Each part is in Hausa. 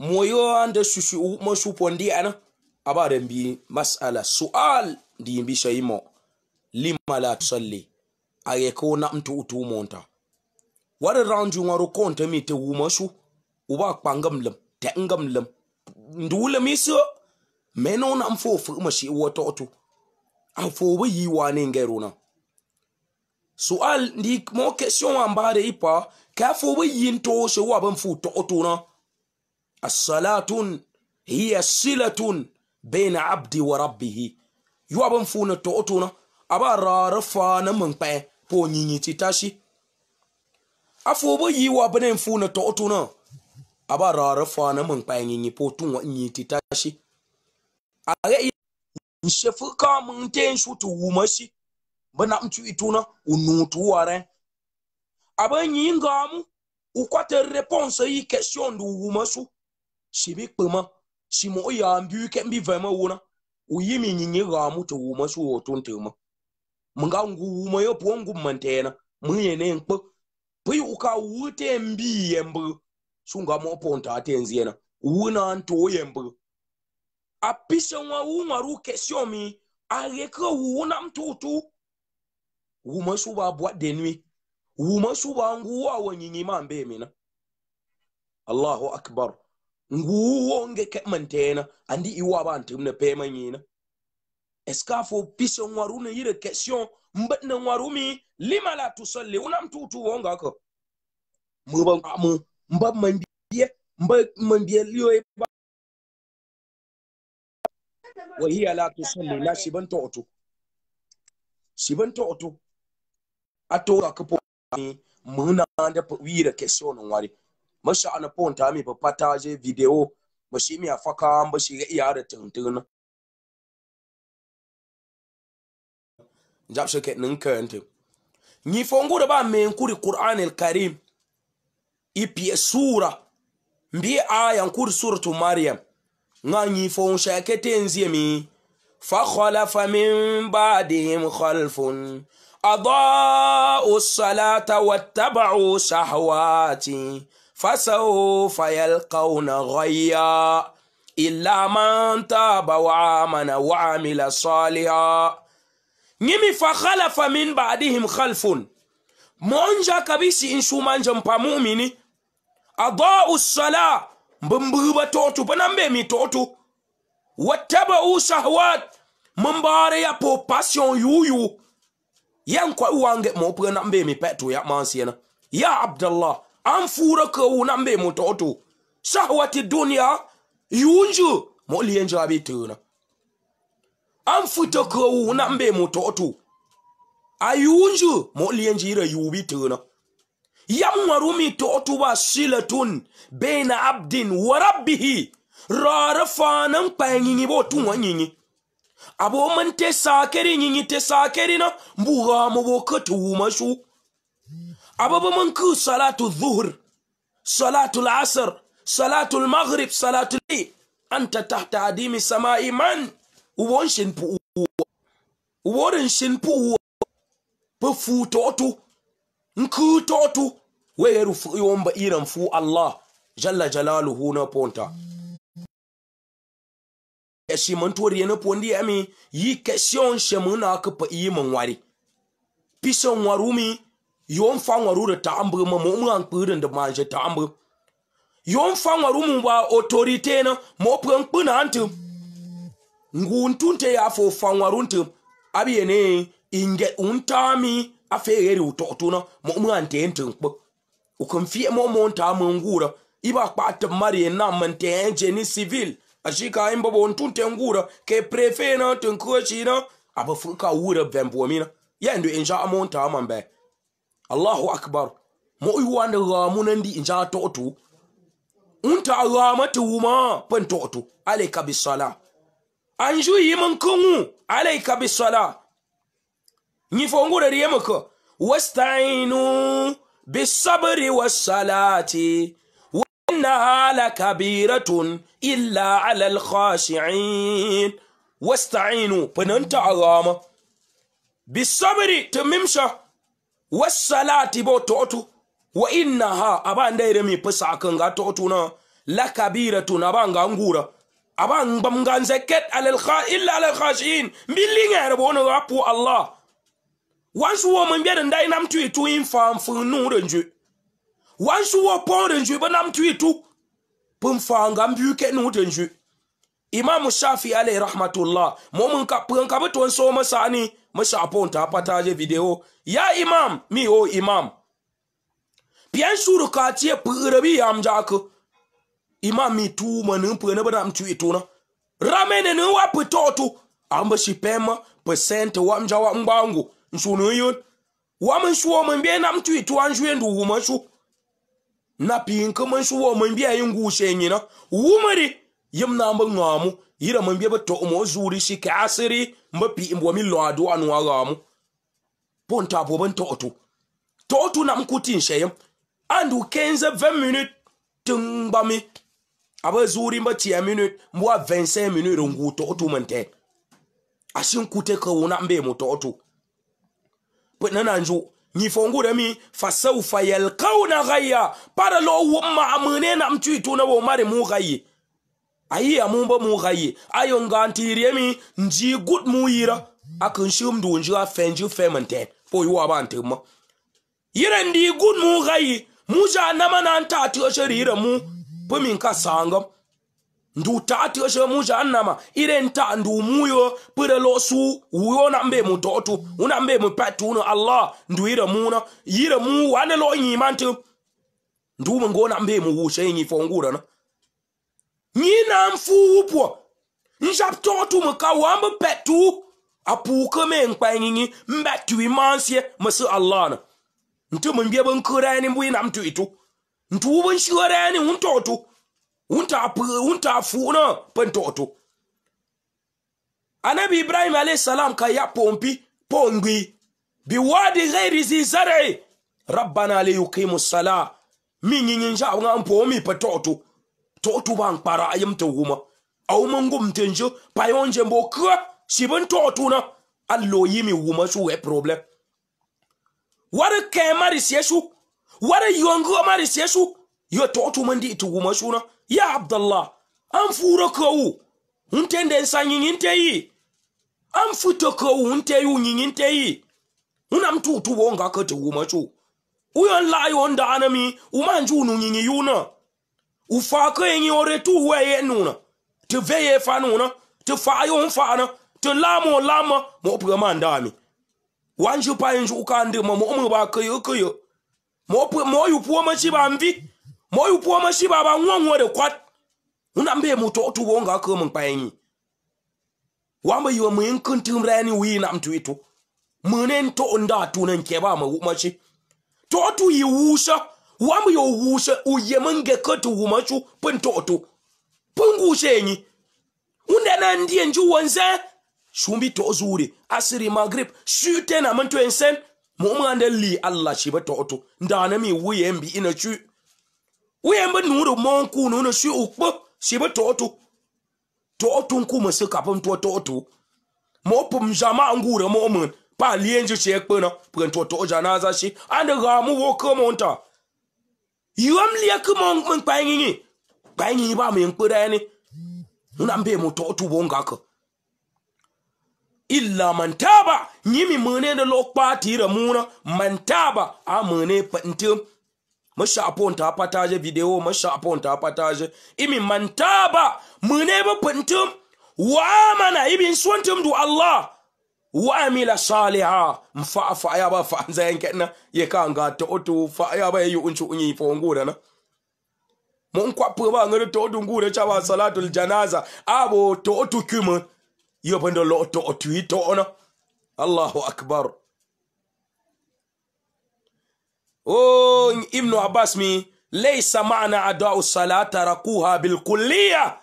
moyo da shushu mo shupo ndi ana abare bi mas'ala su'al ndi mbi shayimo lima la tusalli ko na mtu utu monta wari ranju ngaro konta mi te wuma shu ba kpangam lam te ngam lam ndula mi so no na mfo fu ma shi wato otu fo bo yi wane ngero na su'al ndi mo question ambare ipa ka fo bo yi to shi wa ban fu to otu na assalatun hiya silatun bena abdi wa rabbihi yuwa ban funa to otuna aba rarafa na mun pa po nyinyi titashi afu bo yi wa bane funa to otuna aba rarafa na mun pa nyinyi po tun wa nyinyi titashi yi nshefu ka mun ten shutu wumashi bana mtu ituna unutu ware abanyi ngamu ukwate reponsa yi kesyon du wumasu shi bi kpema shi mo ya mbi ke mbi vema wona u yimi nyinyi ga mu to wuma su wo ton te ma munga ngu wuma yo po ngu mantena mun ye ne nkpo pi u ka wu te mbi yembu sunga mo ponta te nziena wu na nto yembu a pisa wa wu maru kesio mi a reka wu na mtutu wuma su ba bwa de nui wuma su ba ngu wa wo nyinyi ma mbe mina Allahu akbar nguwonge kemantena andi iwa abantu mne pema nyina eskafo piso ngwarune yire question mbetne ngwarumi lima la tusalli una mtutu wonga ko mba mu mba mandie mba mandie liyo e ba wa hiya la tusalli la shibanto otu shibanto otu ato ka po ande da yire question ngwari masha ana pon ta mi papata je video mashi mi afaka amba shi ga iya da tuntuna japsha ke nin kante ni fongu da ba me kuri qur'an al karim ipi e sura mbi e aya kuri suratu maryam nga ni fon sha ke tenzi e mi fa khalafa min ba'dihim khalfun أضاءوا الصلاة واتبعوا شهواتي فسوف يلقون غيا إلا من تاب وآمن وعمل صالحا نمي فخلف من بعدهم خلف مونجا كبيسي إنشو مانجا مؤمني أضاءوا الصلاة بمبوبا توتو بنامبيمي توتو واتبعوا شهوات من باريا بو باسيون يويو يو. yan kwa wange mo pe na mbe mi petu ya mansiena ya abdallah an fura ka wu na mbe mutoto sahwati dunya yunju mo liyen jabi tuna an futa ka wu na mbe mutoto ayunju mo liyen jira yubi tuna yamwarumi ba silatun baina abdin wa rabbihi rara fanan kpanyiŋi bo tuŋa man te nte saakeri nyinyi te saakeri na mbughamo boka tuuma su man ku salatu dhuhr salatu al-asr salatu al-maghrib salatu li anta tahta adimi samai man ubon shin pu ubon shin pu pu fu totu nku totu weyeru fu yomba iran fu allah jalla jalaluhu na ponta eshi ne ene pondi ami yi keshion shemuna akpa yi mengwari pisho ngwarumi yon fa ngwaru da taambu ma mo mu an kpudin da manje taambu yon fa ngwaru mu ba autorite na mo an kpuna antu nguntunte ya fo fa ngwaru ntu abi ene inge untami afegeri utotuna mo mu an tente nkpo ukumfie mo mo ntamu ngura iba kpa tamari na mante enje ni civil ashika imba bo ntunte ngura ke prefe na tun tunkuchi na aba fuka wura vembo mina yendo ta aman amambe Allahu akbar mo iwanda ramunandi inja to to unta alamata wuma pan to to alayka bisala anju yiman kungu alayka bisala ni fongura riyamaka wasta'inu bisabri was salati إنها لكبيرة إلا على الخاشعين واستعينوا بننت عظام بالصبر تممشى والصلاة بوتوتو وإنها أبان ديرمي بسا كنغا توتونا لكبيرة أبان غانغورا أبان بمغان زكت على الخا إلا على الخاشعين ملين يربون ربو الله وانسوا من بيرن داينام توي توين فام فنورنجو wan su wo pon de nju bana mtu itu pum fa nga mbuke nu de nju imam shafi alayhi rahmatullah mom nka pun ka to so ma sani ma sha pon ta partage video ya imam mi o imam bien sur ka tie pirabi am jak imam mi tu ma nu pun na bana mtu itu na ramene nu wa putotu amba shi pema percent wa mjawa mbangu nsunu yun wa mshuwa mbiye na mtu itu anjuwe ndu umashu na pin ka man shuwa man biya yin gushe ni na wumari yim na ban ngamu yira man biya ba to mo zuri shi ka asiri mapi imbo mi lo adu anu agamu ponta bo ban to oto to oto na mkutin sheyam u kenza 20 minutes mi aba zuri mba 10 minutes mwa 25 minutes ngu to oto mante ashin kute ka wona mbe mo to oto but nana njo nyifongude mi fasaufa yalkauna ghayya para lo womma amunena mtwituna womare mu ghayye ayi amumba mu ghayye ayo ngantirie mi nji gut mu yira akinshum wa afenji fementen po yuwa bantima yire ndi gut mu ghayye mu janama nantatiyo sherire mu ka kasangam 都塔铁什么？穆贾安纳马，伊人塔都穆哟，普罗苏乌哟，南美穆托托，乌南美穆佩图，阿拉，伊人穆纳，伊人穆，安乐洛伊曼图，都蒙古南美穆乌西尼方古纳，伊南富乌婆，伊恰托图穆卡乌安美佩图，阿普克梅恩奎尼，麦图伊曼西，马苏阿拉纳，伊图乌边西乌安尼乌托托。wunta fuuna pen to'oto anabi ibrahim alayhi salam ka ya pompi pongwi biwadi ghairi zi zar'i rabbana liyuqimu sala min yin nga mpomi pa to'oto to'oto ban para ayim to guma payonje mbo kwa sibin na allo yimi wuma su e problem wara kemari siesu wara yongo mari siesu yo to'oto mandi itu wuma ya abdullah amfuro kou untende nsanyinyinteyi amfuto kou unteyi unyinyinteyi una mtutu wonga kete umachu uyo nlayo ndanami umanju ununyinyi yuna ufake enyi oretu weye nuna tveye fanuna tfayo mfana tlamo lama mopema ndami wanjupa enju ukandima momwe bakeyokeyo mopwe moyu puo machi bambi moyu puo ma shi baba nwonwo de kwat una mbe mu to tu wonga ko mun payeni wa mba yiwa mun kuntum rani wi nam tu itu munen to nda tu nan ke ba ma wu ma shi to tu yi wusha wa mba yo wusha u ye mun ge ko tu wu ma chu pun to tu pun gu she ni unde na ndie nju wonse shumbi to zuri asri magrib shute na mun tu ensen mu mu ande li allah shi ba to tu nda na mi wu ye mbi ina chu wembe nuru monku nu no shi ukpo shi be totu totu nku mo se kapon to totu mo pum jama ngure mo mun pa lienje che ekpo no pren to to jana za shi ande ga mu wo ko monta yom lie ko mon mon pa ngini pa ngini ba mi nkpo dai ni nuna mbe mo totu bo nga ko illa mantaba nyimi mune ne lokpa tira muna mantaba a mune pa ntim mashapo nta pataje video mashapo nta pataje imi mantaba mune ba pantum wa amana ibin du Allah wa amila saliha mfa fa ya ba fa anza yanke na ye ka nga to otu fa ya ba yi unchu unyi fo ngura na mun kwa pu ba ngere to otu ngura cha ba salatul janaza abo to otu kuma yo bando lo to otu to ona Allahu akbar oh ibn abbas mi laysa ma'na adau rakuha bil bilkulliya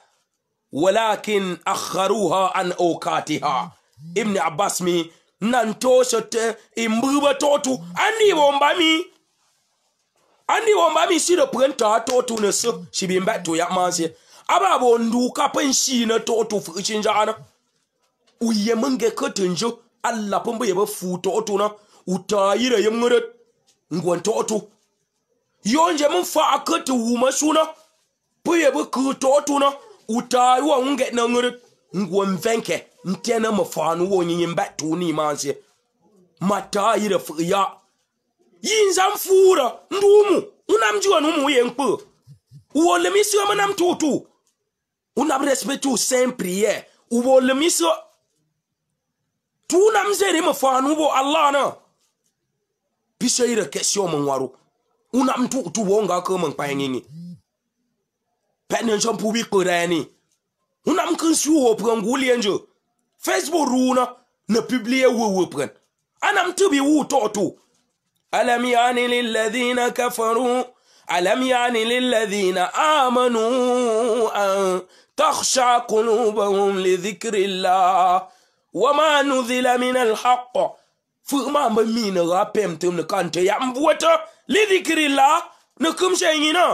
walakin akharuha an okatiha ibn abbas mi nantosho te imbuba totu andi bomba mi andi bomba mi sire prenta totu ne so shibimba to ya manse aba bo nduka pen shi na totu fukin ana uye menge kotunjo alla pumbe ba fu totu na utayire yemngurat ngwanta otu yonje mun fa akati wuma suna puye bu kuto otu na utai wa unge na ngure ngwan venke ntena mafanu wo nyinyi mbatu ni manse mata yire ya yinza mfura ndumu unamjiwa numu ye nkpu uwolemisi wa manam tutu unam respectu sempre ye uwolemisi tunamzere mafanu bo allah na piseire kesio mengwaru una mtu tu wonga ke mengpai ngini penen champu bi korani una mkensu wo prangulie nje facebook runa na publie wu wo pren ana mtu bi wu totu. alam yani lilladhina kafaru alam yani lilladhina amanu an تخشع قلوبهم لذكر الله وما nuzila من الحق fu ma ba mi na ga pem tum na kante ya yam li dikri la na kum she nyina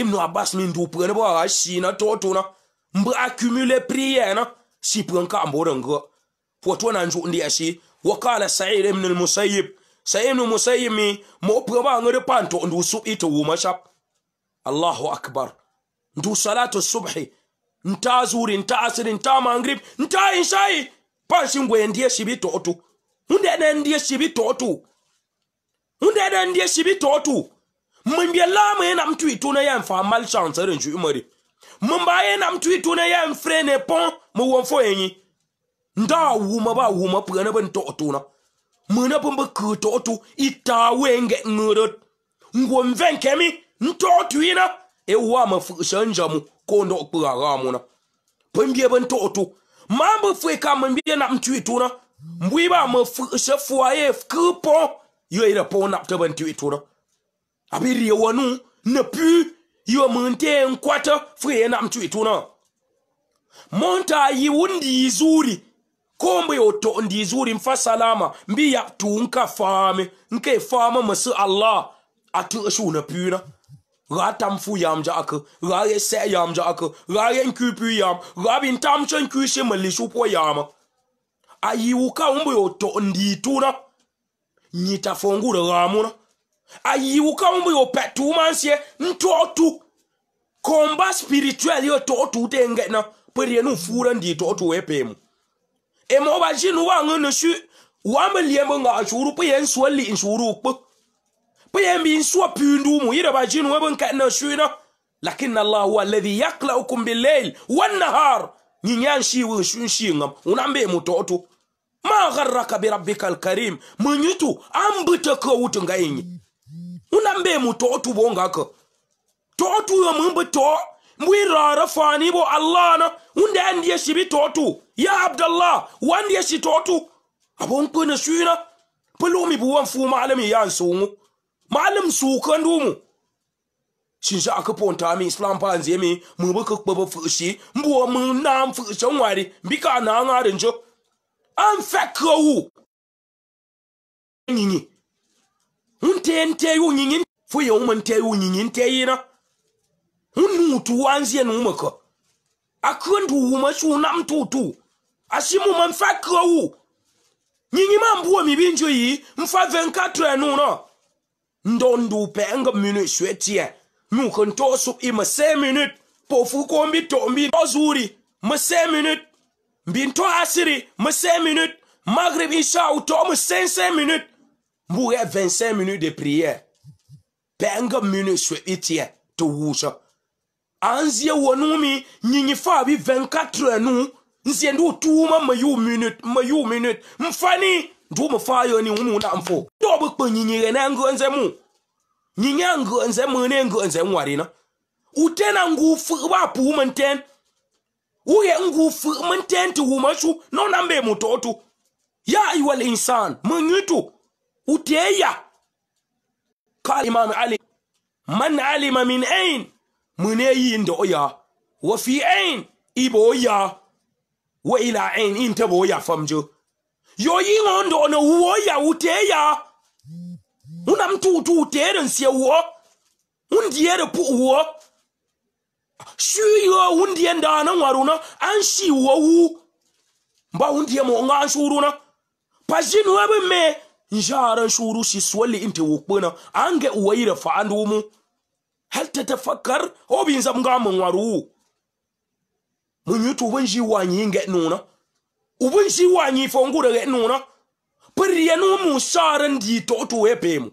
ibnu abbas min du pre ne ba shi na to to na mba accumuler prière na si pren ka mboro ngo poto na nju ndi ashi wa qala sa'id ibn al-musayyib sa'id ibn musayyib mi mo pre ba ngere panto ndu su ito wu shap allahu akbar ndu salatu subhi nta zuri nta asri nta maghrib nta ishai pachingwee ndiye chivitotu undene ndiye chivitotu undene ndiye chivitotu mumbyela mwena mtu itune ya mfa malchance renju imori mumba yena mtu itune ya mfrene po muwo mfo enyi nda wuma ba wuma pwana ben totuna mwena pumba kutotu itawenge ngurut ngwo mvenkemi ntotu ina ewa mafusha njamu kondo kwa gamuna pumbye ben totu mambe fue ka mbie na mtui tuna mbui ba mo she fwa ye kupo yo ira po na te ban tui na abiri wonu ne pu yo munte nkwata fwe na mtui tuna monta yi wundi zuri kombe oto ndi zuri mfa salama mbi ya tu nka fame nke fama masu allah atu shuna na. ra tam fu yam jake, ra re se yam jake, ra ren kri pri yam, ra bin tam chen kri she me li shu po yama. A yi wuka umbo yo to ndi tu na, nyi ta fongu de ramu na. A yi wuka umbo yo pet tu man siye, nto tu. Komba spirituel yo to tu te nget na, pe rye nou fu ren di to tu epe mu. E mo ba jin wang ene shu, wame liye mbo nga shuru pe yen suwe li in shuru pek. بيمبي سوى بيندومو يرى باجين وبن كأنا شوينا لكن الله هو الذي يقلأكم بالليل والنهار نيان شي ونشون شي نغم ونعمبي متوتو ما غرك بربك الكريم من يتو أمبتك وتنغيني ونعمبي متوتو بونغاك توتو يوم بتو mwirara fani bo allah na wunde andiye shibi totu ya abdallah wandiye shi totu abon kwena shwina palomi buwan fuma alami yan sungu malam sukan dumu shin sha aka ponta mi islam pa nzie mi mu bu ka kpaba fushi mbuwa mu na fushi nwari bika na nga rinjo an fekka wu nyinyi unte nte yu nyinyi fo ye umma nte yu nyinyi nte yina unnu tu wanzie nu maka akundu wuma shu nam tutu ashimu man fekka wu nyinyi ma mbuwa mi binjo yi mfa 24 nu no ndondu penga minute swetie nu kan to su i ma minute po fu ko mbi to ma se minute mbi to asiri ma se minute maghrib isha u to ma 5 minute mbu ya 25 minutes de prière penga minute swetie to wusha anzie wonumi nyinyi fa bi 24 heures nu nzie ndu tuma mayu minute mayu minute mfani ndume fa yo ni umu na mfo do bu kpo nyinyire na ngu nze mu nyinya ngu nze mu ne ngu nze nwari na utena ngu fu ba pu menten uye ngu fu menten tu umashu no na mbe mutotu ya ayyuhal insan munyitu uteya قال إمام علي من علم من أين من أين ibo وفي أين إبويا وإلى أين إنتبويا فمجو ngondo ono ya uteya una mtu utu utere nsie wuo undiere pu wuo shuyo undie ndana ng'waruna anshi uwo wu mba undie moŋa nshuruna pazinuebe me njara nshuru swali inte wukbuna ange uwaire faandumu hal tatafakar mga mngamong'waru munyutu wenji wanyinge nuna o bontsi o anye fong ko rege nona pereɛ no mo saaren dii tɔɔto ɛ pɛ mo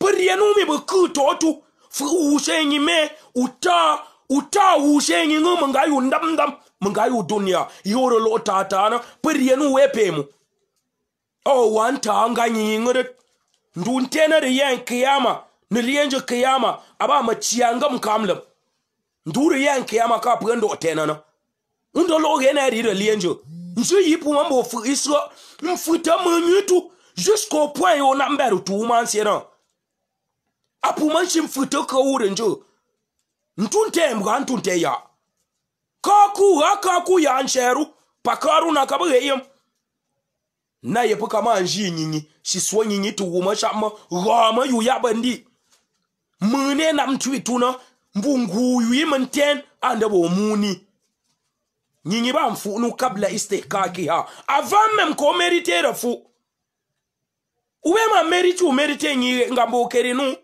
pereɛ no mi bɛ kii tɔɔto fo wu sɛ nyi mɛ o taa o taa wu sɛ nyi ŋa mɛ ngaa yo ndam ndam mɛ ngaa yo dunia yɔɔre lɔɔ taa taa na pereɛ no ɛ pɛ mo ɔɔ waa taa ŋa nyi ŋa de ndun tɛnɛ de yɛn kiyama ne liɛn gye kiyama a ba mɛ tia ŋa mɛ kam lɛm ndun de yɛn kiyama kaa pɛn dɔɔ tɛnɛ na ŋun tɛ lɔɔ yɛn na yɛ de liɛn gye. njiyipho mambofikiso mfuta mwenyitu jusko pwai ona mbaru tu mansera apu manchi mfuta ka ure njo ntuntem ga ntunteya kaku haka ku ya ncheru pakaru na kabeyem na ye poka manji nyinyi si so nyinyi tu uma chama gama yu ya bandi mune na mtwituna mbunguyu imenten andabo muni nyingi ba mfu nu kabla istihkaki ha avame mko meritera fu ube ma meriti u merite nyi ngambo keri nu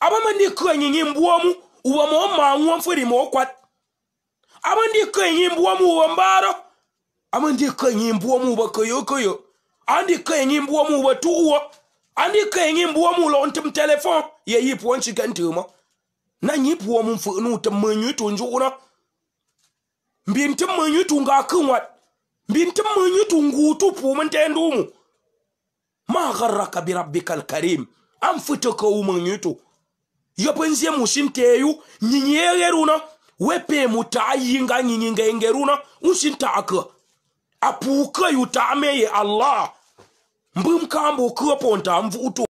aba mandi kwa nyingi mbuomu uwa mo ma nwa mfuri mo kwat aba ndi kwa nyingi mbuomu uwa mbaro aba ndi kwa nyingi mbuomu uwa koyo koyo andi kwa nyingi mbuomu uwa tuwa andi kwa nyingi mbuomu uwa ntim telefon ye yipu wanchi kentuma na nyipu wa mfu nu utamanyu tunjuna mbinti munyu tunga kinwat mbinti munyu tungutu pumun tendumu ma gharraka bi rabbikal karim an fito ka umun yutu yapanzie musinteyu nyinyegeruna wepe mutayinga nyinyinga ingeruna usintaka apuka yutameye allah mbumkambo kuponta mvutu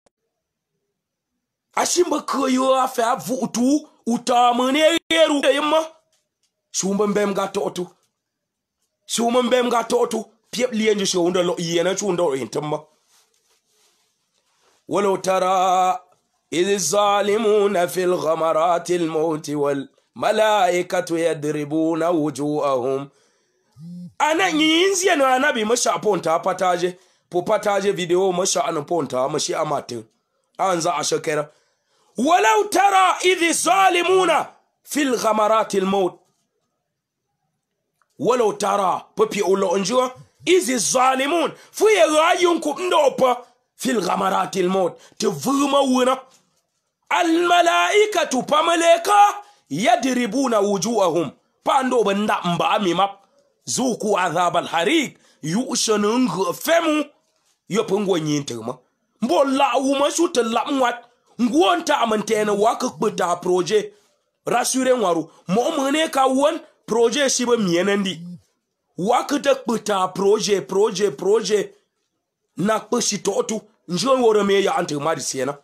ashimba kuyo afa vutu utamune yeru yemma shumba mbem ga totu shumba mbem ga totu piep lienje shunda lo yena shunda lo intemma ولو ترى إذ الظالمون في الغمرات الموت والملائكة يضربون وجوههم أنا ينزي أنا أنا بمشى بونتا باتاجي بوباتاجي فيديو مشى أنا بونتا مشي أماتن أنزا أشكرا ولو ترى إذ الظالمون في الغمرات الموت ولو ترى ببي أولو أنجوا إذ الظالمون في رايون كبندوبا في الغمرات الموت تفرما ونا الملائكة بملائكة يدربون وجوههم باندو بندا مبامي ماب زوكو عذاب الحريق يوشن يؤشنن فمو يبنغو نينتما mbolla wuma suta lamwat ngwon ta amantene waka kpeta proje rasure ngwaru mo mene ka proje shi be mienendi Wakita kpita proje proje proje na kpeshi totu njion woro me ya ante mari siena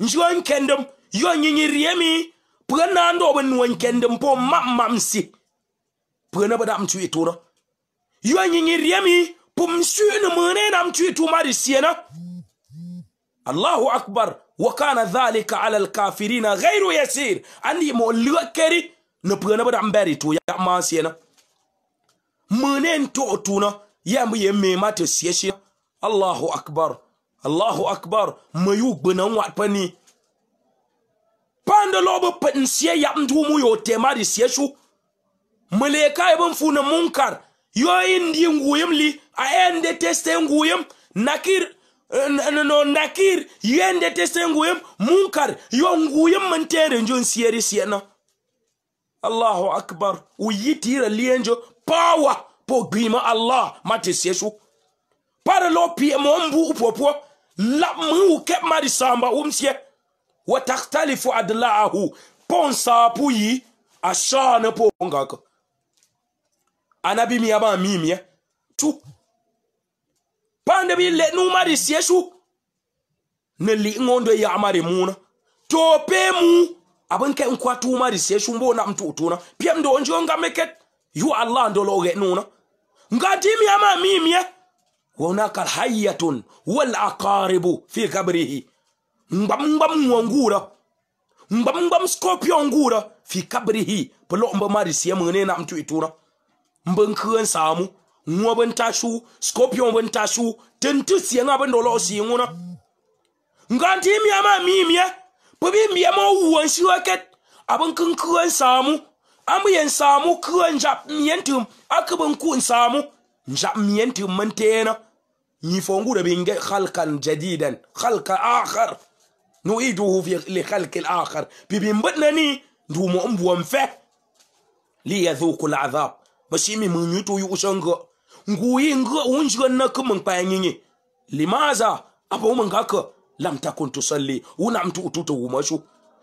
njion kendem yo nyinyi riemi pwena ndo nwa won kendem po mamamsi pwena bada mtu ituna yo nyinyi riemi msu sune mwene na mtu itu mari siena Allahu akbar Wakana thalika dhalika ala alkafirina ghairu yasir andi mo lwakeri na pwena bada mberi to ya mansi na mune to tuna ya me mata siye shi Allahu akbar Allahu akbar yu mayu gbanan wa pani panda lobo pansiye ya mdu mu yo temari siye shu maleka ibn funa munkar yo indi nguyem li a ende teste nguyem nakir no nakir yende teste nguyem munkar yo nguyem mantere njon siyeri na. allahu akbar o yitira lienjo pawa po gbima allah mate siesu pare lo pie mo mbu upopo la mu ke mari samba umsie wa takhtalifu adlaahu ponsa puyi ashana po ngaka anabi mi aba mimi tu pande bi le nu mari siesu ne li ngondo ya amari muna tope mu abonke nkwatuma risesha umbona mtu utuna pia ndo njio ngameket yu Allah ndo loge nuna ngatimi ama mimi mimye wanaka hayatun wal aqaribu fi kabrihi mbam mbam ngura mbam mbam scorpio ngura fi kabrihi polo mba marisie mngene na mtu utuna mbankuen samu ŋo bin tashu scorpion bin tashu tentu sienga nga dolo si ŋuna nganti miama mimie bibi miyama wuwan siwa ket abin kin kuwan samu amiyan samu kuwan jab miyan tum akibin kun samu jab miyan tum man tena ni fongu da binge khalqan jadidan khalqa akhar nu'iduhu fi li khalqi al-akhar bibi mbadnani ndu mo mbuwan fe li yadhuku al-azab bashimi mun yuto yu ushanga nguyi ngo unjwa nakuma mpanyenye limaza apo mun gaka lam takon to salle unam tu tuto umashu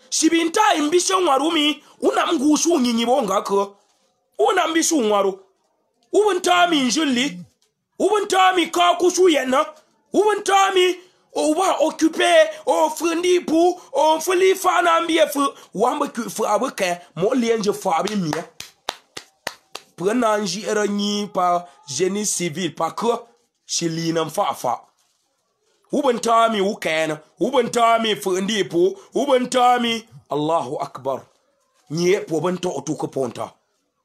sibinta imbisho warumi unam gusu nyinyi bonga ko unam bisu waru ubunta mi njuli ubunta mi ka kusu yena ubunta mi o wa occupé o fundi pu o fuli fana mbie fu wamba ku fu abuke mo lienje fu abimie prenanji eranyi pa génie civil pa ko chilinam fa fa tami wukayana po fundipo tami allahu akbar nye ta otu kaponta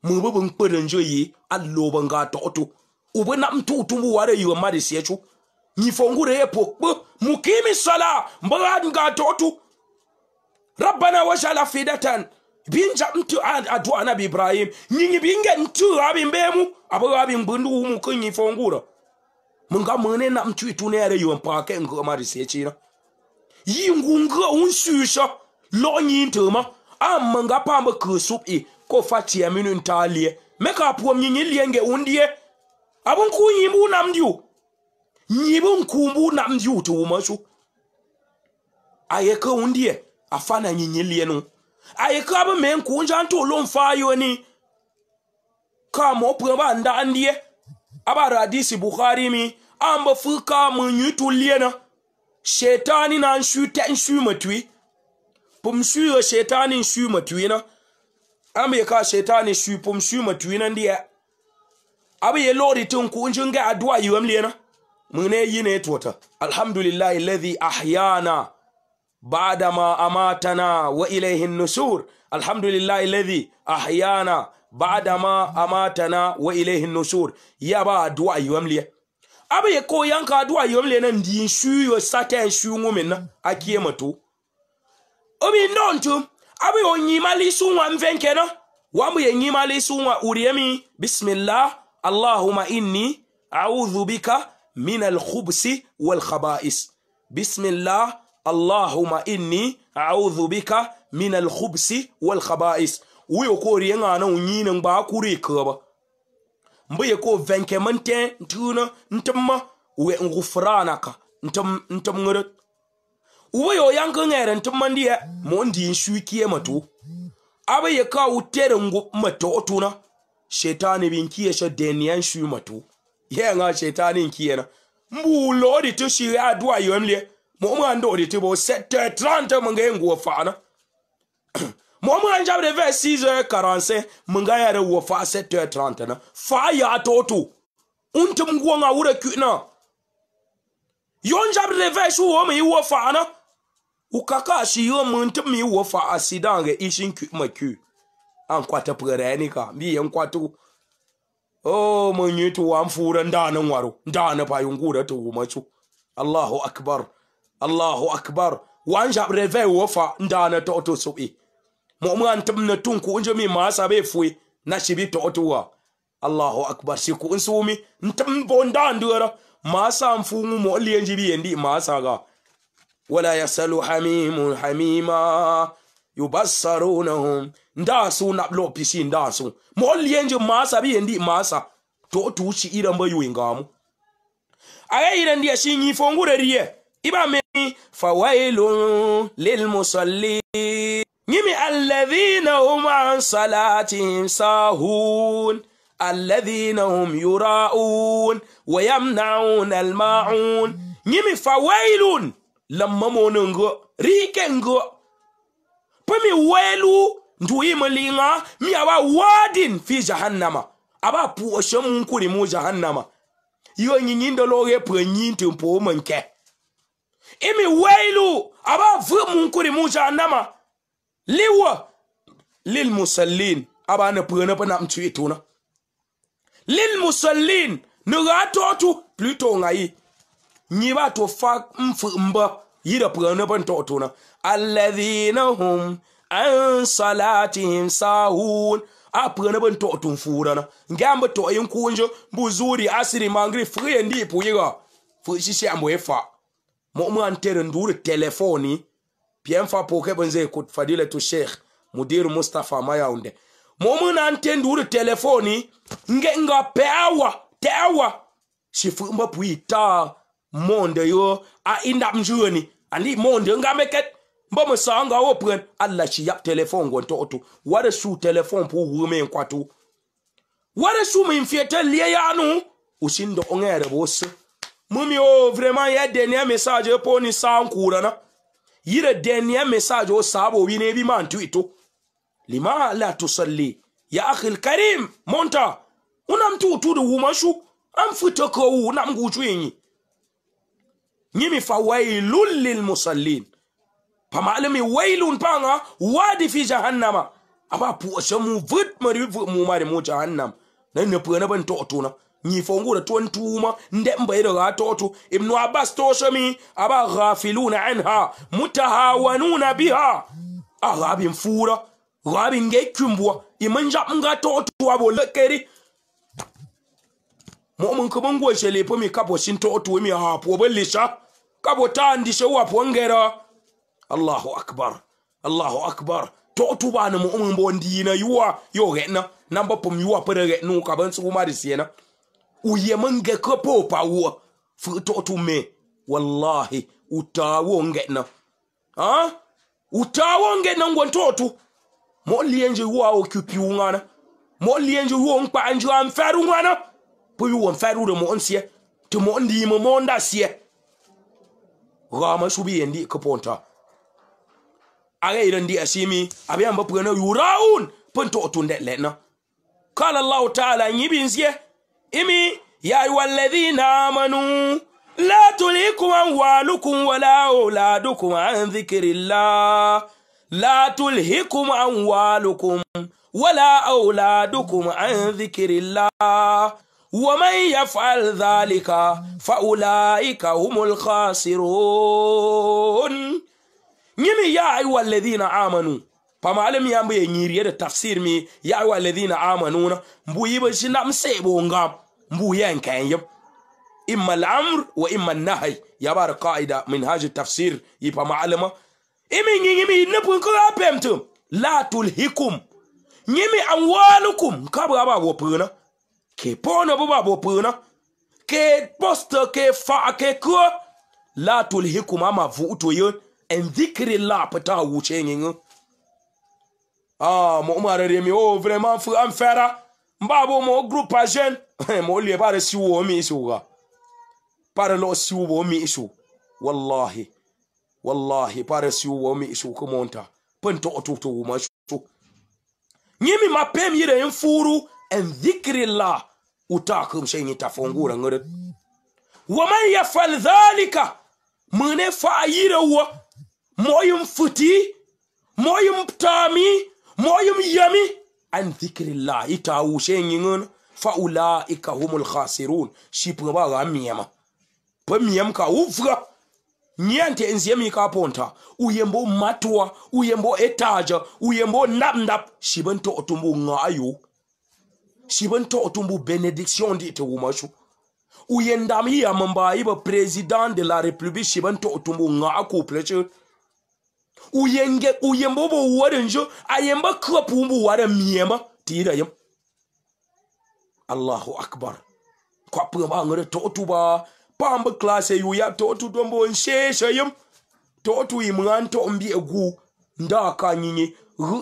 mubu bin kpedanjo yi allo ga ta otu na mtu tu bu ware yiwa mari sechu ni fongure ye pokpo mukimi sala mbaga nga ta otu rabbana shala fidatan binja mtu adu nabi ibrahim nyinyi binga ntu abimbe mu abo abimbu ndu mu kunyi ra mənga məne nam tui tu nere yon pa ke ngə ma ri se chi na yi ngu ngə un su sha lo nyi ntə ma a mənga pa mə kə su i ko fa ti a minu nta li me ka pu mi nyi li nge un die a bun ku nyi bu nam diu nyi bu ku bu nam diu tu wo ma su a ye ko un die a fa na nyi nyi li nu a ye ko a bu me ku nja ntu lo mfa yo ni ka mo pu ba nda ndie abara hadisi bukhari mi an ba fuka mun yi tulliye na shetani na an shu ta in shu matwi pum shu yo shetani in shu matwi na an bai ka shetani shu pum shu matwi na ndiya abu ye lori tun ku in ga addu'a yi wamle na mun ne yi ne tota alhamdulillahi alladhi ahyana ba'da ma amatana wa ilayhi an-nusur alhamdulillahi alladhi ahyana ba'da ma na wa ilaihin nusur ya ba addu'a yomliya koyan ka duwa addu'a yomliya nan din shuyo satan shungu minna akiye mato obi ndontu abe onyimali sunwa mvenkena wambu yenyimali ya uriyemi bismillah allahumma inni a'udhu bika min al wal khaba'is bismillah allahumma inni a'udhu bika min al wal khaba'is uyo ko rienga na unyine ngba kuri kaba mbuye ko venke mante ntuna ntamma uwe ngufrana ka ntam ntam ngere uwe yo yang ka ngere ntamma ndiye mo ndi nshuki e mato abe ye ka utere ngu mato otuna shetani bin kiye sha denian shu mato ye nga shetani nkiye na mbu lodi to shi adwa yo mle mo mwa ndo de to bo 7:30 mangengu fana mo mo anja de vers 6h45 munga yare wo fa 7h30 eh, na fa ya toto untum gwonga wure kyina yonja de vers wo mi wo fa na ukaka shi yo muntum mi wo fa asidange ishin kyu makyu an kwata pugare ni ka bi yan kwatu o oh, mun yi tuwa furan da nan waro da na fa yungura to macho Allahu akbar Allahu akbar wan jabre ve wo fa ndana to to subi mo mu an tum na tun ku unjo mi ma sa be fui na shibi to otuwa allahu akbar si ku unsumi ntum bonda ndura ma sa mu mo lienji bi endi ma sa ga wala yasalu hamimun hamima yubassarunhum nda su na blo pisi nda su mo lienji ma sa bi endi ma sa to tu shi iran ba yuingamu aga ira ndi shi nyi fongure rie iba me fawailu lil musallin نمي الذين هم عن صلاتهم ساهون الذين هم يراؤون ويمنعون الماعون نمي فويل لما مونغو ريكنغو بمي ويلو ندوي ملينا مي ابا وادين في جهنم ابا بوشم كوري مو جهنم يو نينين دولو يبرنين تمبو منك امي ويلو ابا فو مو جهنم Liwa Lil Mussolin aba ne prene pa nam tue tuna. Lil Mussolin ne rato tu pluto nga yi. Nye ba to fak mfu mba yi da prene pa nto tuna. Alladhina hum an salatihim sahun. A prene pa nto tun fuda na. Nge amba to yin kunjo buzuri asiri mangri friendi pu yi ga. Fu si si ambo e fa. Mo mwa antere ndure telefoni. Mwa bien fa poke benze kut fadila tu sheikh mudir mustafa mayaunde momu na antendu le telefoni nge nga pewa tewa shifu mba puita monde yo a inda mjuni ani monde nga meket mba musanga wo pren alla shi yap telefon to to su telefon pu wume tu. wada su liye anu usindo ongere bosse mumi o vraiment ya dernier message poni ni sans na yire dernier message o sabo wine bi man tuito lima la tusalli ya akhi alkarim monta una mtu utudu wumashu amfuto ko wu mguchu yinyi nyimi fa wailul lil musallin pa malami wailun panga wadi fi jahannama aba pu shamu vut mari mu mari mu jahannam nan ne pu na ban to ngifongula tuwe ntuma ndemba ilo gatotu ibnu abbas toshami abaghafiluna anha mutahawanuna biha aghabi ah, mfura ghabi ngekyumbwa imanja mgatotu abo lekeri momun kubungwe shelepo mi kapo shintotu imi hapo bulisha kapo tandishe wapo ngera allahu akbar allahu akbar totu bana momun bondina yuwa yo retna namba pum yuwa pere retnu kabansu kumarisiena allahu akbar uyemenge kopopa wo fitotu me wallahi utawongena a utawongena ngontotu mo lienje wo okupi ngana mo lienje wo nkpa nje amferu ngana bu yu amferu de mo nsie to mo ndi mo monda sie gama subi ndi kaponta aga ira ndi asimi abiamba pwana yuraun pontotu ndetlena kala allah taala nyibinzie imi ya yi wallazi na amanu la kuma walukun wala auladukum an zikirillah la an walukun wala auladukum an wa ya zikirillah ومن يفعل ذلك فأولئك هم الخاسرون ya yi wallazi na amanu. pamaalem yãmb ya nyiri yeda tafsir mi ya ayuha alladhina amanuna n bu yɩb sẽn na m seebo n gab n bu yɛ imma lamr wa imma nahy ya bar qaida min haji tafsir yɩ pamaalema imi yĩng mi yɩd ne pʋn kɩ gaa pem tɩ la tulhikum yẽ mi amwalukum kabu ka b bo pʋʋna ke pono bɩ ba bo ke post ke fa ke kɩ la tul hikum ama vuto yon en n dhikri la pʋ wuchengi wuce ah mo mari, re mi vraiment fu am fera Mbabo, mon mo groupe a jeune mo pas de si ou, mi isu Pas de l'eau, si ou, mi sou. wallahi wallahi de si ou, mi isu ko monta pento tout, ou, ma su nyimi mapem yire fourou, en vikri la utakum shayni tafungura ngore waman fal, zalika. mune fa yire wo moyum futi moyum tami moyum yami an dhikrillah ita wushe ngingun fa ulaika humul khasirun shi pgaba ga miyama pa miyam ka ufra nyante nziyemi ka ponta uyembo matwa uyembo etaja uyembo napndap shibento to otumbu nga ayo shiban to otumbu benediction di te wumashu uyendam yi mamba iba president de la republique shibento to otumbu nga akuple uyenge uyembo bo warenjo ayemba kwapumbu ware miema tira yem Allahu akbar kwapumba ngore totu ba pamba klase yu ya totu dombo nsheshe yem totu imran to mbi egu ndaka nyinyi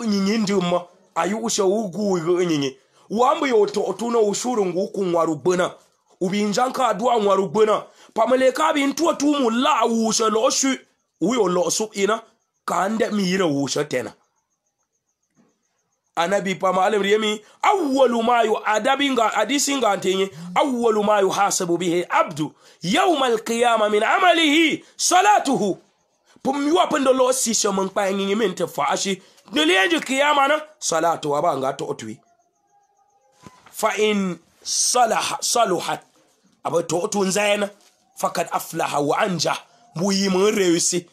nyinyi ndima ayu usha ugu nyinyi wambu yo totu na usuru nguku nwarubana ubinjanka adua nwarubana pamaleka bintu atumu la usha losu uyo losu ina da mi yira wusha tena anabi ma alamri yemi awwalu ma yu adabi nga hadisi nga antenye awwalu ma yu hasabu bihi abdu yawma alqiyama min amalihi salatuhu pum yuwa pendo lo sisho man pa ngi mente fa ashi nuliyenju kiyama na salatu wa nga to otwi fa in salaha saluhat aba to otu zayna fakat aflaha wa anja muyi mun rewisi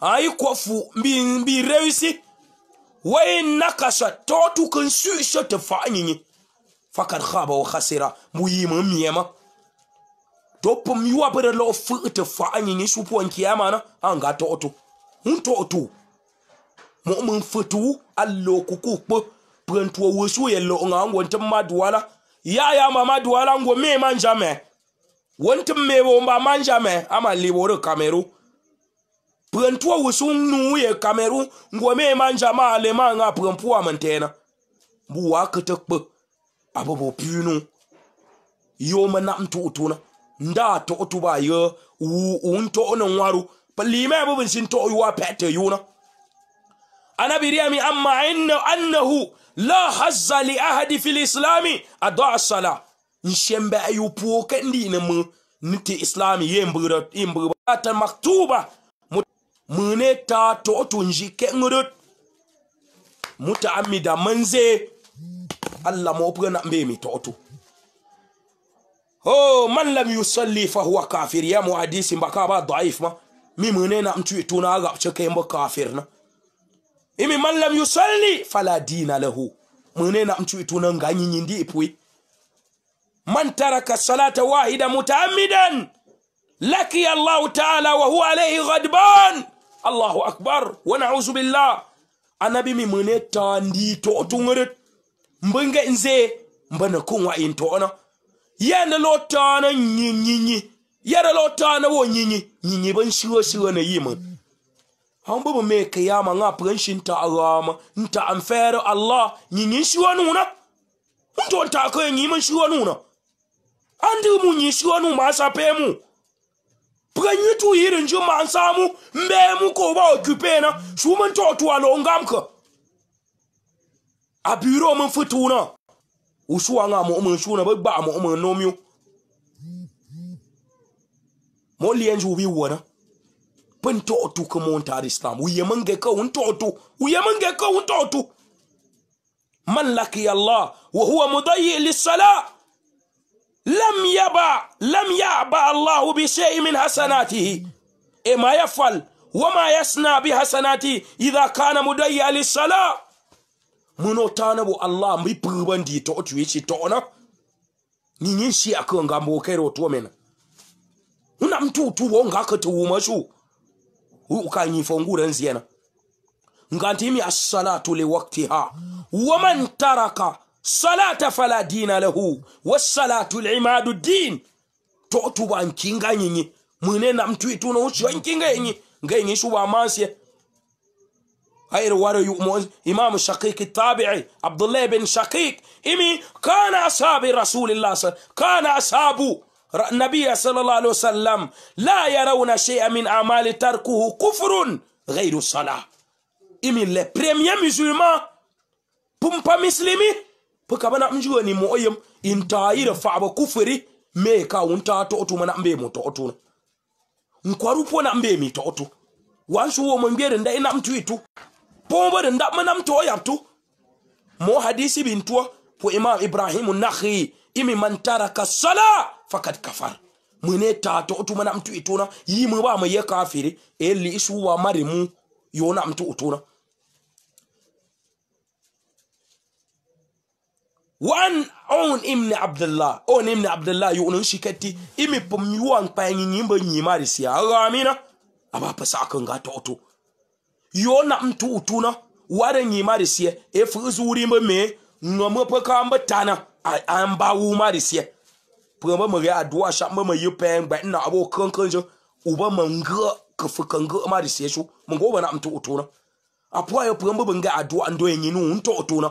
ayi kofu bi bi rewisi wai nakasa totu kan su isho ta fa'anyi fakar khaba wa khasira mu yi mun miyema to pum yuwa bada lo fu ta fa'anyi ne su puwan kiyama na an ga to oto mun to oto mu mun fitu allo ku ku po prentu wo su lo nga ngon tan maduwala ya ya ma maduwala ngo me manja me wontum me bo mba manja me ama liboro kameru pren tuwa wusung nu ye kameru ngwa me manja ma ale ma nga pren puwa mantena bu wa kete kpe abu bu pinu yo ma nam tu utuna nda to utuba yo un to na waru palime abu bin sin to yuwa pete yuna anabi riyami amma inna annahu la hazza li ahadi fil islami adaa asala nshembe ayu puo kandi na mu nti islami yembura imbura ta maktuba mune ta to tunji kengurut muta amida manze Allah mo pugana mbe mi toto oh man lam yusalli fa huwa kafir ya mu hadisi mbaka ba dhaif ma mi mune na mtu tuna ga ce kai mba kafir na imi man lam yusalli fala dina lahu mune na mtu tuna nganyi nyindi ipui man taraka salata wahida mutaammidan laki Allah ta'ala wa huwa alayhi ghadban allahu akbar wa na'uzu billah anabi mi mune tandi to tungurit mbinga nze mbana kunwa into ona yana lota na nyinyinyi yana lota na wo nyinyi nyinyi ban shiwo shiwo na yimin an bubu me kiyama nga pranshin ta arama nta amfero allah nyinyi shiwo nuna nto ta ko nyimin shiwo nuna andu mu nyi shiwo nu ma sa pe mu prenyi tu yiri nji ma nsamu mbe mu ko ba occupe na su mun to tuwa lo ngam ka a biro mun fitu na usuwa nga mu mun shuna ba ba mu mun nomiu mo liyan ju bi wona pin to tu ka mon ta islam uye mun ge ka un to tu uye mun ge ka un to tu man laki allah wa huwa mudayyi li salah لم يبع لم يعبأ الله بشيء من حسناته ما يفعل وما يصنع بحسناته إذا كان مدعيا للصلاة munotana bo allah mbipurwa ndito otuichi tona ni nyinshi akanga mbokero otuomena una mtu tuwo ngakati wumashu ukanyifongura nziena ngantimi assalatu liwaktiha waman taraka salata fala dina lahu wassalatu limadu din totuba nkinga nyinyi mwine namtwituno uchiwa nkinga yenyi ngenyi shuba amansie غير وري إمام شقيق التابعي عبد الله بن شقيق إمي كان أصحاب رسول الله صلى كان أصحاب النبي صلى الله عليه وسلم لا يرون شيئا من أعمال تركه كفر غير الصلاة إمي les premiers musulmans pour pas muslimer pika bana mjuwa ni moyem intaire faaba kufiri me ka unta to otu mana mbe mu to otu nkwarupo na mbe mi to otu wansu wo mwembere nda ina mtu itu pombo nda mana mtu oyatu mo hadisi bintua po imam ibrahim nakhi imi mantara kasala fakat kafar mune ta to otu mana mtu ituna yi mu ba ye kafiri eli isu wa marimu yona mtu utuna wan on imni abdullah on imni abdullah yu yunun shikati imi pum yuwan payin yimba nyima risi amina aba pasa akan to toto na mtu utuna wara nyima risi e fuzuri mba me ngomo paka mba tana amba wuma risi pamba mari adwa shamba mayi pen ba na abo kankanjo uba manga kafukan ga ma risi shu ba na mtu utuna apwa yo pamba banga adwa ndo yenyinu mtu utuna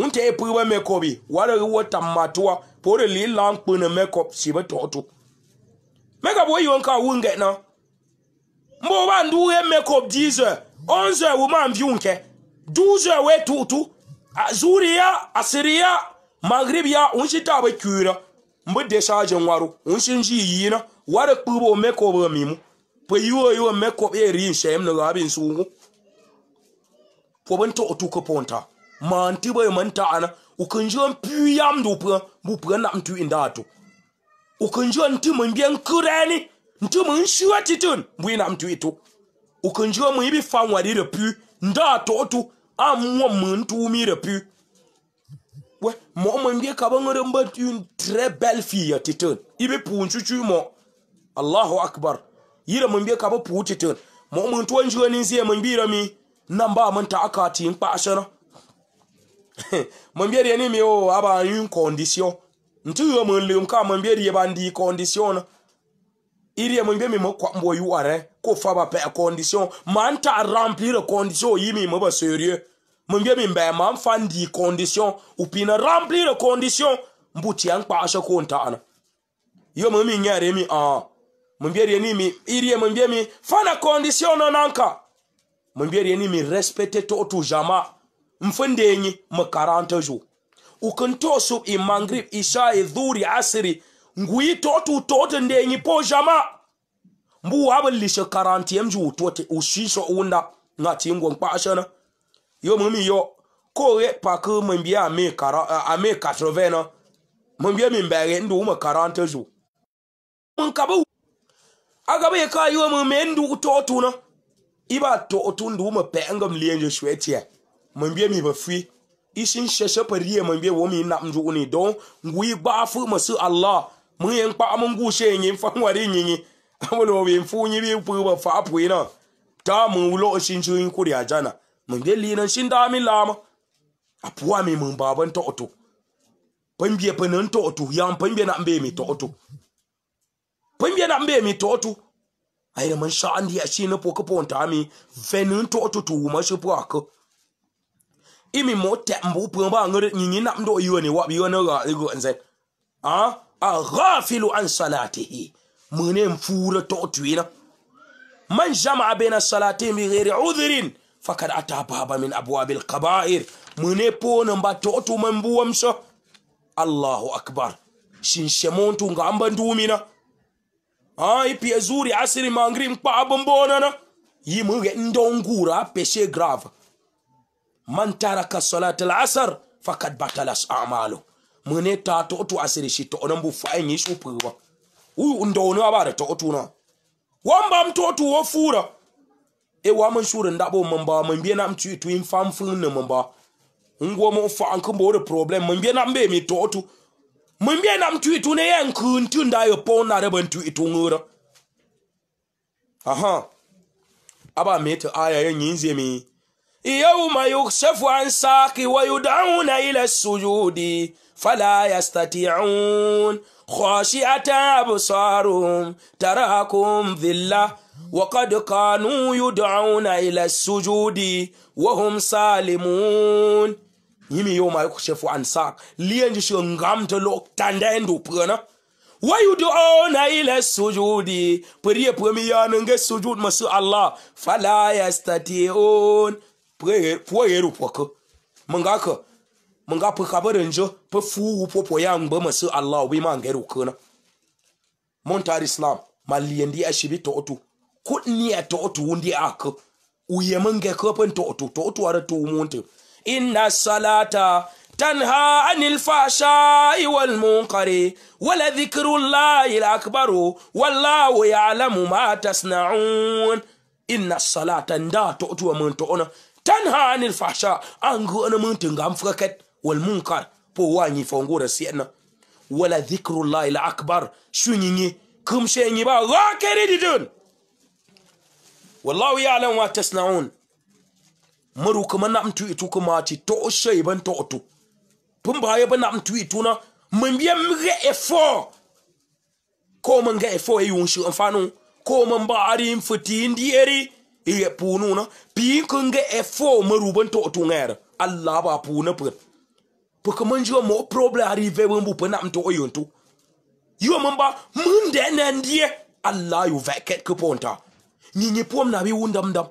ŋutɛ ye pigi bɛ mɛ kɔ bi wala wo tam ma pore li lan si bɛ tɔ tu ka bo yon ka na mbo ba ndu ye mɛ kɔ 10 heures wo ma mbi unkɛ 12 azuriya asiriya magribiya ta bɛ kyura mbo décharge ngwaru nji yi na wala kpigi mi mu pe na ga ma ti ɓoye man ta'ana u kən zhə pyu yamdə u pwə bu pwə nap u bu i nap ntwi to u kan zhə mə ibi fa ŋwari rə pyu nda ato tu a mwɔ mə ntumi rə pyu wɛ mɔ mə mbyɛ ka bə ŋərə mbə twi trɛ bɛl fiya titən ibi puu nchuchu mɔ allahu akbar yirə ka bə puu titən mɔ mə ntwə nzhə mi namba ti mwambie ni mi o aba une condition ntu yo mon lium ka bandi condition Iri mwambie mi kwa mbo ko fa ba pe condition manta ta remplir condition yi mi mo ba sérieux Mon mi mbe ma fa ndi condition pin remplir condition mbuti an pa asha yo bien, mi nyare mi ah iri bien, mi mon bien mi fana condition nanka mwambie ni mi respecte to tout jamais. mfendenyi makaranta zo ukinto su i mangrib isha i dhuri asiri ngui totu nde yi po jama mbu waballishe karanti yemji utote ushisho unda ngati ngwa nkpashana yo mimi yo kore paku mbiya ame 80 na mambia mimbere ndu uma karanta zo mkabu agaba ya kayo mumendu utotu na iba totu ndu uma pengam lienje shwetie mun bie mi bafui ishin sheshe pariye mun bie wo mi na mju uni do ngui ba fu masu allah mun yen pa amun gu she yin fan wari yin yin amun wo bi fu yin bi pu ba fa pu ina ta mun wulo shin ju yin kuri ajana mun bie li nan shin da mi lam apuwa mi mun ba ban to oto pambie panan to oto ya pambie na mbe mi to oto pambie na mbe mi to oto ayi man sha andi ashi ya na poko ponta mi venun to tu ma shi imi mo tembo mbu pung ba ngere nyinyi nap ndo yoni wap yoni ga igo nze ah a ghafilu an salatihi mune mfura to twina man jama'a baina salati bi ghairi udhrin fakad ata baba min abwabil qaba'ir mune pona mba to to mambuwamso Allahu akbar shinshemontu ngamba ndumina a ipi azuri asiri mangrim pa abombona na yimuge ndongura peshe grave man taraka salat alasar fakad batalas amalu mune ta to to asiri shi to onan bu fa en yi shupu wa u ndo ne wa bare to to no wan bam to to wo fura e wa man shura nda bo man ba man biena mtu tu in fam fun ne man ba ngwo mo fa an kan bo re problem man biena mbe mi to to man biena mtu tu ne yan kun tu nda yo pon na re ban tu tu ngura aha aba me to aya yan yin zemi يوم يكشف عن ساق ويدعون إلى السجود فلا يستطيعون خاشعة أبصارهم تراكم ذلة وقد كانوا يدعون إلى السجود وهم سالمون yimi yo ma ko chefu an sak lienji shi ngam to lok tanda ndu pona wayudu ona ila sujudi priye pwemi yana nge sujud masu Allah fala yastatiun fuwa ya rufo ka mun ga ka mun ga fuka ba ranje fa fuwu popo ya ngba masu Allah bai ma ngai ruka na mun ta islam malli yandi a shibi to to ku ni a to to wundi a ka u ye mun ga a fa to to to to ara to mun ta inna salata tanha anil fasha wal munkari wala dhikrullah al akbar wallahu ya'lamu ma tasna'un inna salata nda to a mun to ona تنهى عن الفحشاء أنجو أنا من تنغام فكت والمنكر بواني فنغور سينا ولا ذكر الله إلى أكبر شنيني كم شيني با غاكري ديدون والله يعلم ما تسنعون مرو كما نعم تويتو كما تي تو شاي بان تو نعم تو بم بايا بان نعم تويتو نا من بيا مغي افو كو من غي افو يونشو انفانو كو من باري مفتين ديري e punu na ko kunga e fo maruban to to ngayar Allah ba puna pur ko man jiwa mo problem arrive wembu pana mto oyonto man mamba mun de na ndiye Allah yu ket ko ponta ni ni pom na bi wundam dam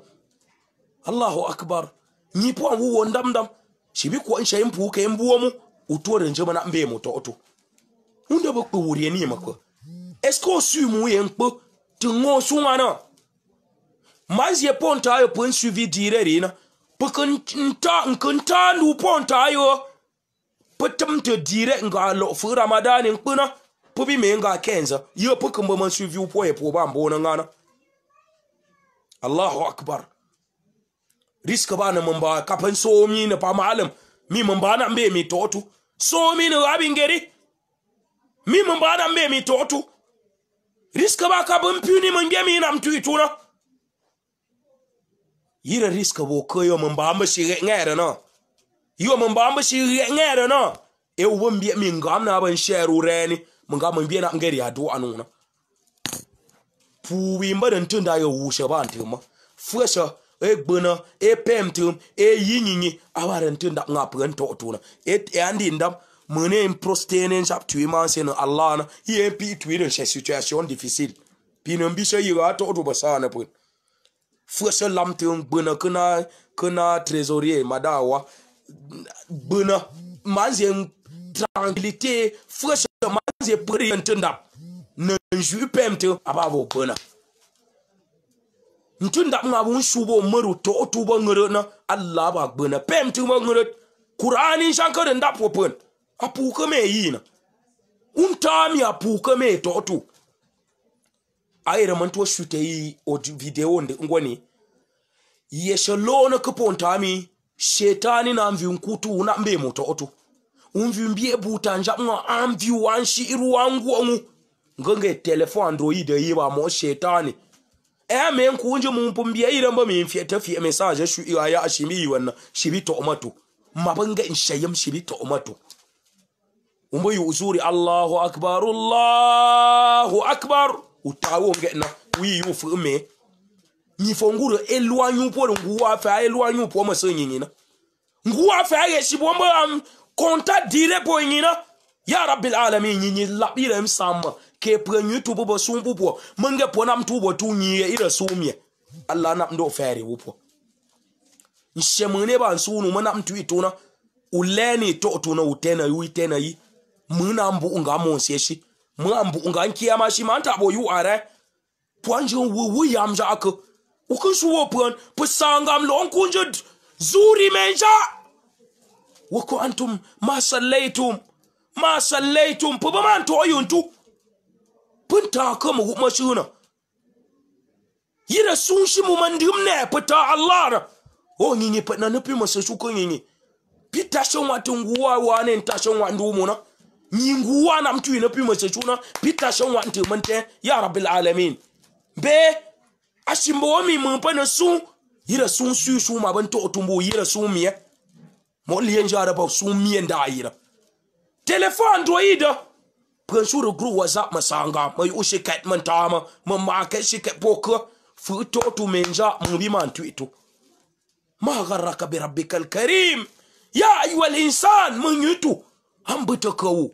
Allahu akbar e ni pom wu wundam dam bi ko in shayin ke en buwo mu utore nje na mbe mu to to unda ba ko wuri ni mako est ce que su mu yen po tingo su ma na. mazie ponta ayo pun suivi dire rina pukun nta nkun ta nu ponta ayo putum te dire nga lo fu ramadan nkuna pubi me nga kenza yo pukun bo man suivi upo e po ba mbona ngana Allahu akbar riska ba na mun ba kafan so mi na fa malam mi mun ba na mbe mi totu so mi na abin gari mi mun ba na mbe mi totu riska ba ka bin puni mun ge mi na mtu ituna yire riske bo ko yo mba mba shi ghe ngay rana. Yo mba mba shi ghe ngay rana. E wo mbiye mi ngam na ban shere u reni. Mga mbiye na ngeri ya do anu na. Puwi mba den tunda yo wu shaba an tima. Fwesha e gbuna e pem tim e yinyi ni awa den tunda nga pren to tu na. E andi ndam. Mene in prostenen chap tui man se na Allah na. Yen pi tui den shere situasyon difisil. Pinan bi shere yi gato odu basa na pwene. Fresh lamte ngbena kana kana trésorier madawa bonne. manje tranquillité fwese manze pere ntenda na bonne. pemte abavo ntunda mwa bun shubo maru to otuba allah ba pemte ma ngere qur'ani shankare ndap popon yina untami apuka me to raman manto shute yi o video nde ngwani yeshe lono kupontami shetani na mvi nkutu una mbe moto oto umvi mbie buta njamwa amvi wanshi iru wangu ongu ngenge telefon android ba mo shetani e me nkunje mu mpumbie ire mba mi mfiete fie message shu ya ashimi yiwanna shibi to omato mabanga inshayam shibi to omato yi uzuri allahu akbar allahu akbar utaongena wiyu fume nyifonguro eluanyu po nguwa fa eluanyu po maso nyinyina nguwa fa ye shibombo am konta dire po nyina ya rabbil alamin nyinyi labire msamma ke prenyu tu bobo sumpu po mange po nam tu bo tu nyie ira sumye alla nam ndo fere wupo nshemene ba nsunu mana mtu ituna uleni to tuna utena yu itena yi mna mbu ngamonsi yeshi mu an bu nga nki ma shi ma anta bo yu are puan jin wu wu yam ja ak u kun suwo puan pusangam lo kun jid zuri menja wa ku antum ma sallaitum ma sallaitum pu man to yuntu pun ta ka mu ma shuna yira sun shi mu man dim ne puta allah ra o nyinyi pa na nupi ma su kun nyinyi pitashin watin guwa wa ne tashin wa ndu mu na nyinguwa na mtu ina pima ce chuna pita shan wa nte ya rabbil alamin be ashimbo mi mun na su yira sun su su ma ban to yira su miye mo liyen jara ba su miye da yira telefon do ida kan gru whatsapp masanga mai ushe kat man tama man ma kai shi fu to to menja mun bi man tuito ma bi karim ya ayyuhal insan mun yutu an bi kawo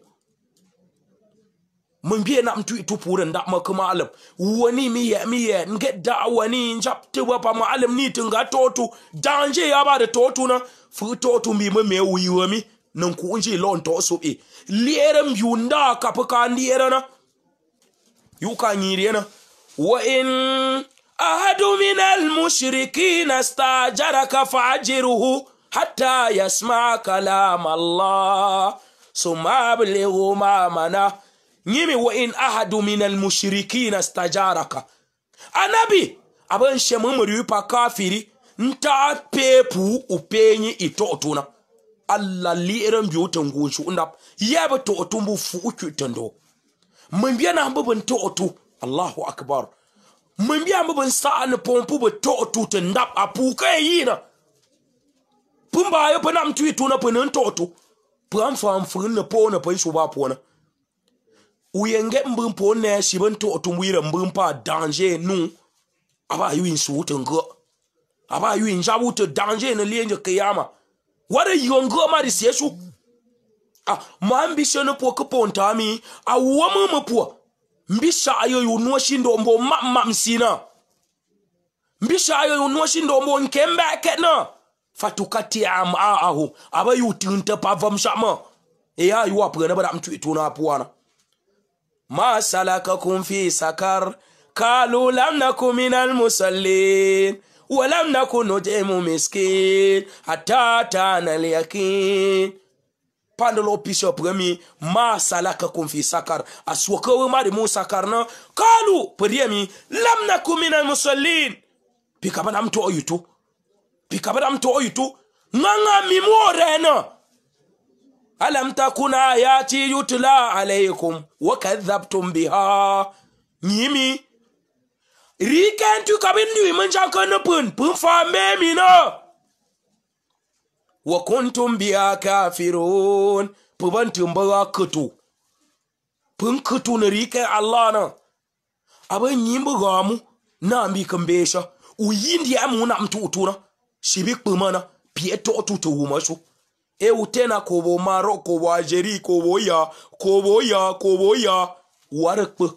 mun biye na mtu itu puren da maka malam wani miye miye nge da wani njap te wapa malam ni tinga totu danje ya ba da totu na fu totu mi me me wiwa mi nan ku unji lon to so e liyeram yunda kapu ka na yuka nyire na wa in ahadu min al mushrikin astajaraka fa'jiruhu hatta yasma kalam Allah summa ablighu ma mana nyimi wa in ahadu minal mushrikina stajaraka anabi abin shemin muriyu pa kafiri nta pepu upenyi ito otuna alla liran biyu tangunshi unda ya ba to otumbu bu fu uku tando mun biya na mbubin to otu Allahu akbar mun biya mbubin sa'an pompu bu to otu tanda apu kai yina pun ba ya pa nam tuitu na punin to otu pun fa amfun na po na pa isu ba po na uyenge mbu mpo ne shi bën to tu mbu yire mbu mpa danje nu aba yu in su wutu ngë aba yu in jabu wutu danje në lienjë kiyama ware yu ngë ma di sieshu a ah, ma ambisyon në po këpo në tami a uomë më po mbisha ayo yu nua shi ndo mbo ma ma msina mbisha ayo yu nua shi ndo mbo nke mbe ke na fatukati am a ahu aba yu tinte pa vëmshama e ya yu apre në bada mtu itu na apuana Ma salaka kumfi sakar, Kalu lamna koumina l-Musallin, Ou lamna koumina l-Miskil, A ta ta nan liyakin, Pan lo piso premi, Ma salaka kumfi sakar, As wakoumari mou sakar nan, Kalu premi, Lamna koumina l-Musallin, Pi kaba namto oyotou, Pi kaba namto oyotou, Ngan nga mimo re nan, alam takuna ayati yutla alaikum wa kadhabtum biha nyimi rikentu kabindu imanja kono pun pun mi no wa kuntum biha kafirun puban tumbaga kutu pun kutu na riken allah na abin yimbu gamu na ambi kambesha uyindi amuna mtu utuna shibik pumana pieto tutu wumasu eu tena kobo maroc kobo algérie kobo ya kobo ya kobo ya wară kpă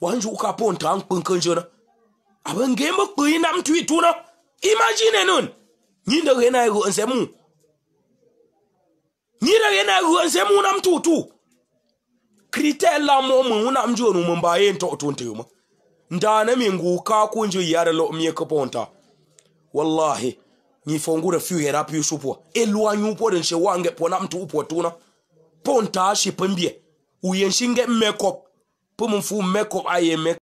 wanju uka po nta nkpă nkânjănă abă nge mă kpă i nam tui tună imagine nân nyi ndă ghena e ghă nsemû nyi ndă ghena e ghă nsemû nam tu tu critère la mo mă u nam njonu mă mba e nto tu ntâ mă ndană mi ngu ka kunjă yară lo mie kăponta wallahi Nyi fongou de fiu herap yu sou pou. E lwa nyo pou den se wange pou nan mtou pou tou nan. Pon ta a shipen diye. Ou yensi nge mekop. Pou mfou mekop a ye mekop.